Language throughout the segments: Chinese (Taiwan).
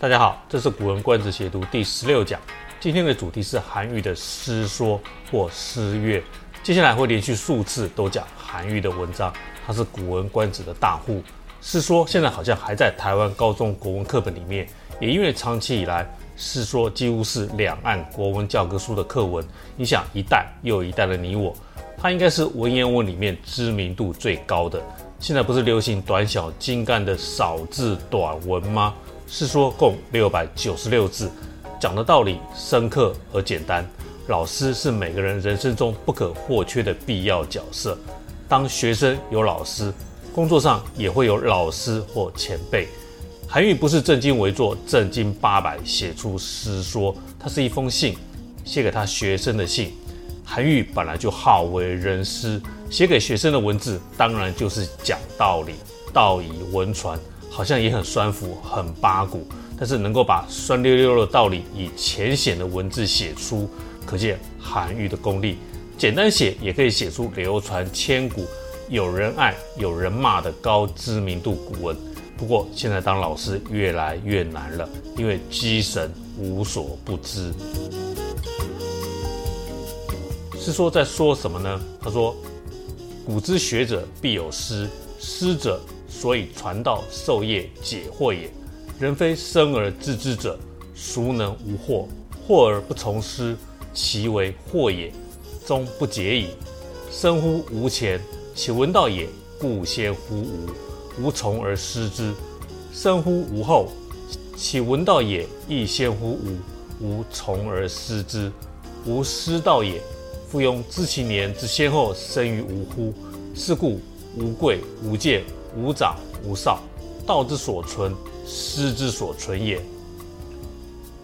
大家好，這是《古文觀止》解讀第十六講。今天的主題是韓愈的《師說》或《師說》。接下來會連續數次都講韓愈的文章，他是《古文觀止》的大戶。《師說》現在好像還在台灣高中國文課本裡面，也因為長期以來，《師說》幾乎是兩岸國文教科書的課文，影響一代又一代的你我。它應該是文言文裡面知名度最高的。現在不是流行短小精幹的少字短文嗎？《師說》共六百九十六字，講的道理深刻而簡單。老師是每個人人生中不可或缺的必要角色。當學生有老師，工作上也會有老師或前輩。韓愈不是正襟危坐、正經八百寫出《師說》，它是一封信，寫給他學生的信。韓愈本來就好為人師，寫給學生的文字當然就是講道理，道以文傳。好像也很酸腐，很八股，但是能夠把酸溜溜的道理以淺顯的文字寫出，可見韓愈的功力。簡單寫也可以寫出流傳千古、有人愛有人罵的高知名度古文。不過現在當老師越來越難了，因為 G 神無所不知。師說在說什麼呢？他說：“古之學者必有師，師者。”所以傳道授業解惑也。人非生而知之者，孰能無惑？惑而不從師，其為惑也，終不解矣。生乎吾前，其聞道也固先乎吾，吾從而師之；生乎吾後，其聞道也亦先乎吾，吾從而師之。吾師道也，夫庸知其年之先後生於吾乎？是故無貴無賤，無長無少，道之所存，師之所存也。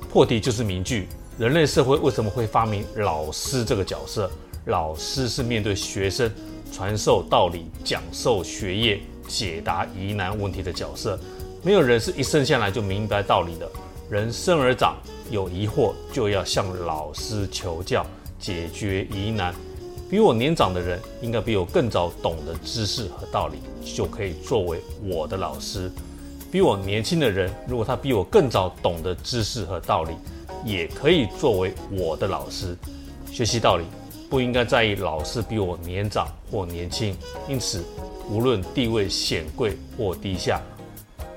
破題就是名句：人類社會為什麼會發明老師這個角色？老師是面對學生，傳授道理、講授學業、解答疑難問題的角色。沒有人是一生下來就明白道理的，人生而長，有疑惑就要向老師求教，解決疑難。比我年長的人，應該比我更早懂得知識和道理，就可以作為我的老師；比我年輕的人，如果他比我更早懂得知識和道理，也可以作為我的老師。學習道理，不應該在意老師比我年長或年輕，因此，無論地位顯貴或低下，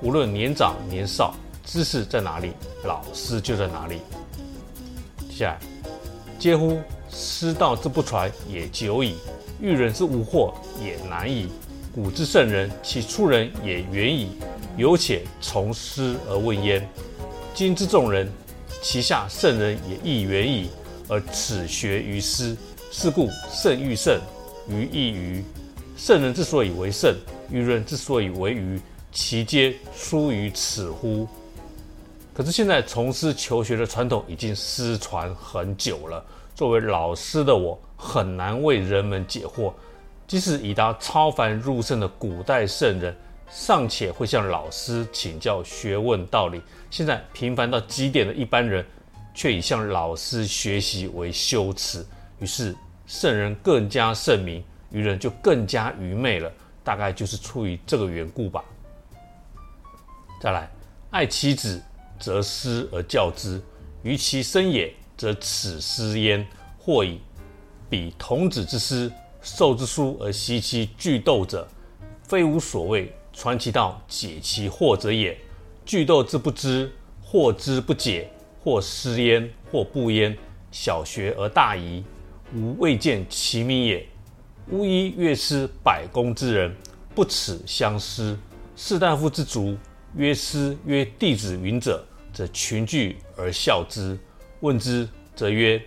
無論年長年少，知識在哪裡，老師就在哪裡。接下來，幾乎。師道之不傳也久矣，欲人之無惑也難矣。古之聖人，其出人也遠矣，猶且從師而問焉；今之眾人，其下聖人也亦遠矣，而恥學於師。是故聖益聖，愚益愚。聖人之所以為聖，愚人之所以為愚，其皆出於此乎？可是現在從師求學的傳統已經失傳很久了。作為老師的我，很難為人們解惑。即使已達超凡入聖的古代聖人，尚且會向老師請教學問道理。現在平凡到極點的一般人，卻以向老師學習為羞恥。於是聖人更加聖明，愚人就更加愚昧了。大概就是出於這個緣故吧。再來，愛其子。則師而教之，於其身也，則恥師焉；或以彼童子之師，授之書而習其句讀者，非吾所謂傳其道解其惑者也。句讀之不知，惑之不解，或師焉，或不焉。小學而大遺，吾未見其明也。巫醫樂師百工之人，不恥相師。士大夫之族，曰師曰弟子云者。則群聚而笑之，問之，則曰：“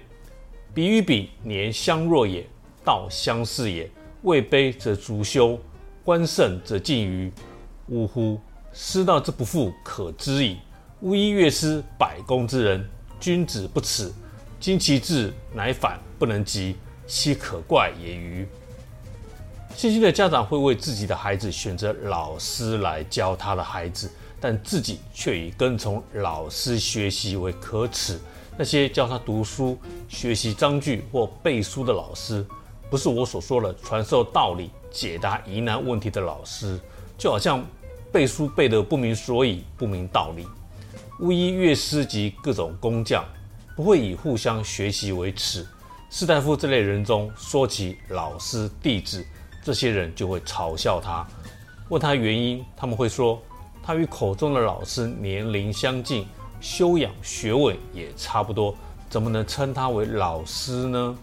彼與彼年相若也，道相似也。位卑則足羞，官盛則近諛。”嗚呼！師道之不復可知矣。巫醫樂師百工之人，君子不齒。今其智乃反不能及，其可怪也歟。細心的家長會為自己的孩子選擇老師來教他的孩子。但自己卻以跟從老師學習為可恥。那些教他讀書、學習章句或背書的老師，不是我所說的傳授道理、解答疑難問題的老師，就好像背書背得不明所以、不明道理。巫醫、樂師及各種工匠，不會以互相學習為恥。士大夫這類人中說起老師、弟子，這些人就會嘲笑他，問他原因，他們會說：他與口中的老師年齡相近，修養學問也差不多，怎麼能稱他為老師呢？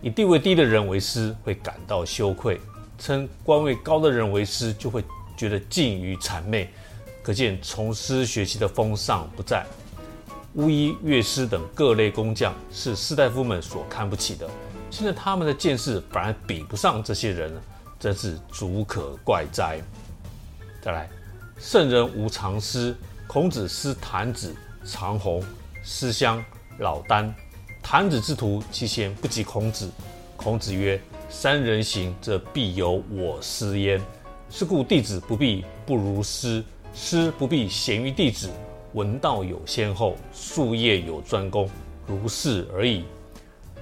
以地位低的人為師，會感到羞愧；稱官位高的人為師，就會覺得近於諂媚。可見從師學習的風尚不在。巫醫、樂師等各類工匠，是士大夫們所看不起的。現在他們的見識，反而比不上這些人了，真是足可怪哉！再來。聖人無常師。孔子師郯子、萇弘、師襄、老聃。郯子之徒，其賢不及孔子。孔子曰：“三人行，則必有我師焉。是故弟子不必不如師，師不必賢於弟子。聞道有先後，術業有專攻，如是而已。”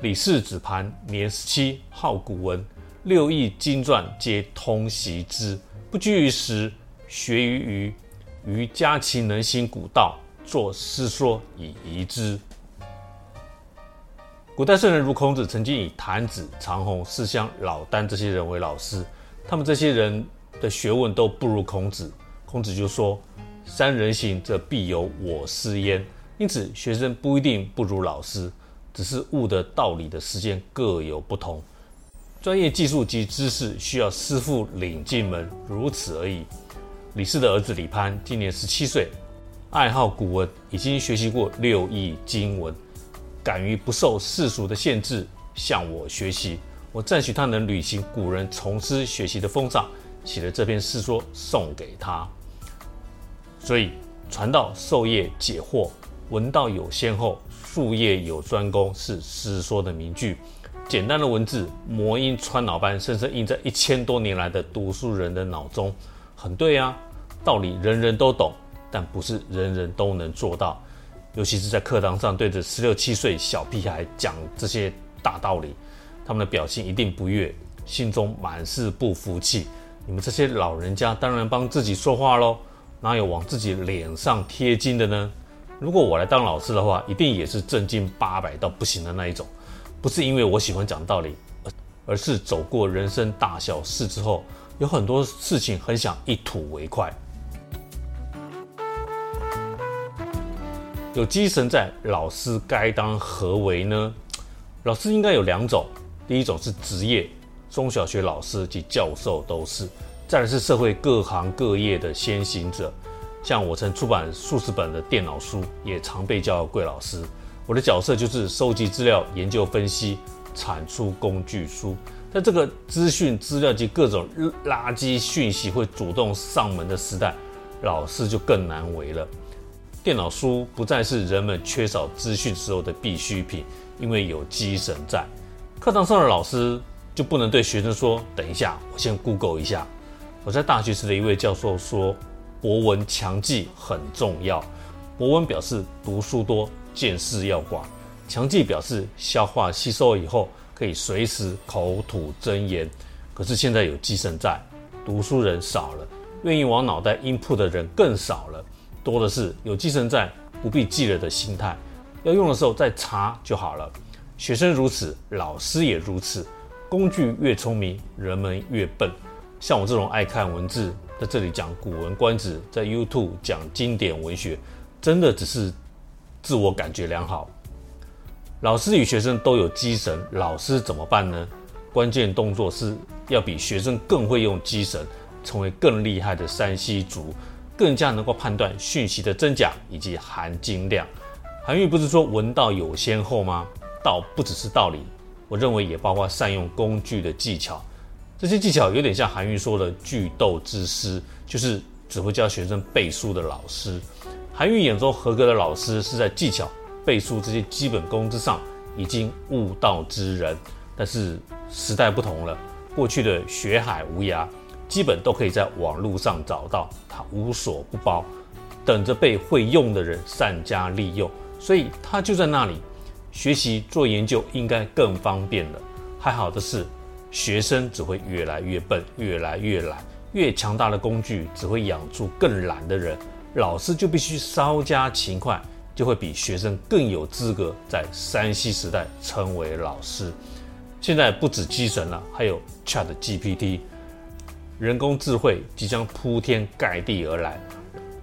李氏子蟠，年十七，好古文，六藝經傳皆通習之，不拘於時。學於余，余嘉其能行古道，作師說以遺之。古代聖人如孔子，曾經以郯子、萇弘、師襄、老聃這些人為老師，他們這些人的學問都不如孔子。孔子就說：“三人行，則必有我師焉。”因此，學生不一定不如老師，只是悟得道理的時間各有不同。專業技術及知識需要師傅領進門，如此而已。李氏的兒子李攀今年十七歲，愛好古文，已經學習過六藝經文，敢於不受世俗的限制，向我學習。我讚許他能履行古人從師學習的風尚，寫了這篇師說送給他。所以，傳道授業解惑，聞道有先後，術業有專攻，是師說的名句。簡單的文字，魔音穿腦般，深深印在一千多年來的讀書人的腦中。很對啊，道理人人都懂，但不是人人都能做到。尤其是在課堂上對着十六七歲小屁孩講這些大道理，他們的表情一定不悅，心中滿是不服氣。你們這些老人家當然幫自己說話嘍，哪有往自己臉上貼金的呢？如果我來當老師的話，一定也是正經八百到不行的那一種。不是因為我喜歡講道理，而是走過人生大小事之後。有很多事情很想一吐為快。有 G 神在，老師該當何為呢？老師應該有兩種，第一種是職業，中小學老師及教授都是；再來是社會各行各業的先行者，像我曾出版數十本的電腦書，也常被叫貴老師。我的角色就是收集資料、研究分析、產出工具書。在這個資訊、資料及各種垃圾訊息會主動上門的時代，老師就更難為了。電腦書不再是人們缺少資訊時候的必需品，因為有 G 神在。課堂上的老師就不能對學生說：“等一下，我先 Google 一下。”我在大學時的一位教授說：“博聞強記很重要。博聞表示讀書多，見識要廣；強記表示消化吸收以後。”可以隨時口吐真言，可是現在有 G 神在，讀書人少了，願意往腦袋 Input 的人更少了，多的是有 G 神在，不必記了的心態，要用的時候再查就好了。學生如此，老師也如此。工具越聰明，人們越笨。像我這種愛看文字，在這裡講古文觀止，在 YouTube 講經典文學，真的只是自我感覺良好。老師與學生都有 G 神，老師怎麼辦呢？關鍵動作是要比學生更會用 G 神，成為更厲害的山西族，更加能夠判斷訊息的真假以及含金量。韓愈不是說聞道有先後嗎？道不只是道理，我認為也包括善用工具的技巧。這些技巧有點像韓愈說的句讀之師，就是只會教學生背書的老師。韓愈眼中合格的老師是在技巧背書這些基本功之上，已經悟道之人。但是時代不同了，過去的學海無涯，基本都可以在網絡上找到，它無所不包，等着被會用的人善加利用。所以它就在那裡學習做研究，應該更方便了。還好的是，學生只會越來越笨，越來越懶，越強大的工具只會養出更懶的人，老師就必須稍加勤快，就會比學生更有資格在 3C 時代成為老師。現在不止 G 神了，還有 Chat GPT，人工智慧即將鋪天蓋地而來，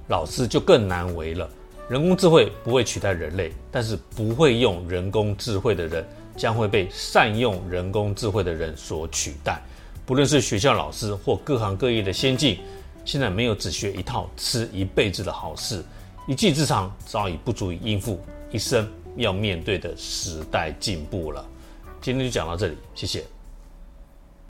老師就更難為了。人工智慧不會取代人類，但是不會用人工智慧的人，將會被善用人工智慧的人所取代。不論是學校老師或各行各業的先進，現在沒有只學一套吃一輩子的好事。一技之長早已不足以應付一生要面對的時代進步了。今天就講到這裡，謝謝。